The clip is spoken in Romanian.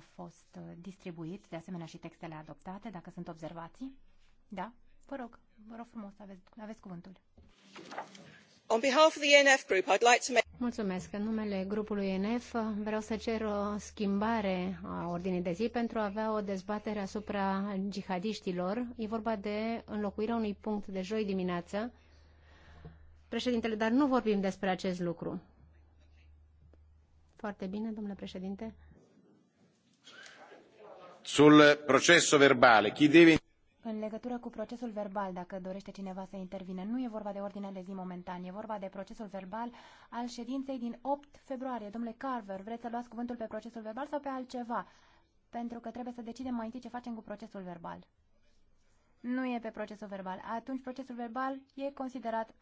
a fost uh, distribuit, de asemenea și textele adoptate, dacă sunt observații. Da? Vă rog, vă rog frumos, aveți, aveți cuvântul. On behalf of the ENF group, I'd like to make... Mulțumesc. În numele grupului ENF vreau să cer o schimbare a ordinii de zi pentru a avea o dezbatere asupra jihadiștilor. E vorba de înlocuirea unui punct de joi dimineață. Președintele, dar nu vorbim despre acest lucru. Foarte bine, domnule președinte sul processo verbale chi deve în legătură cu procesul verbal, dacă dorește cineva să intervine, nu e vorba de ordinea de zi momentan, e vorba de procesul verbal al ședinței din 8 februarie. Domnule Carver, vreți să luați cuvântul pe procesul verbal sau pe altceva? Pentru că trebuie să decidem mai întâi ce facem cu procesul verbal. Nu e pe procesul verbal. Atunci procesul verbal e considerat